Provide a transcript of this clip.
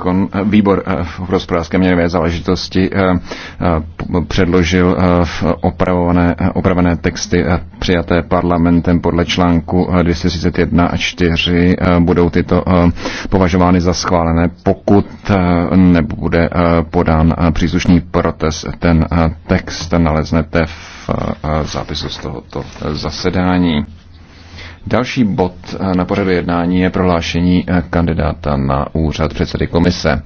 kon, výbor eh, v hospodářské měnové záležitosti eh, eh, předložil opravované, opravené texty přijaté parlamentem podle článku 231 a 4. Budou tyto považovány za schválené, pokud nebude podán příslušný protest. Ten text naleznete v zápisu z tohoto zasedání. Další bod eh, na pořadu jednání je prohlášení eh, kandidáta na úřad předsedy komise.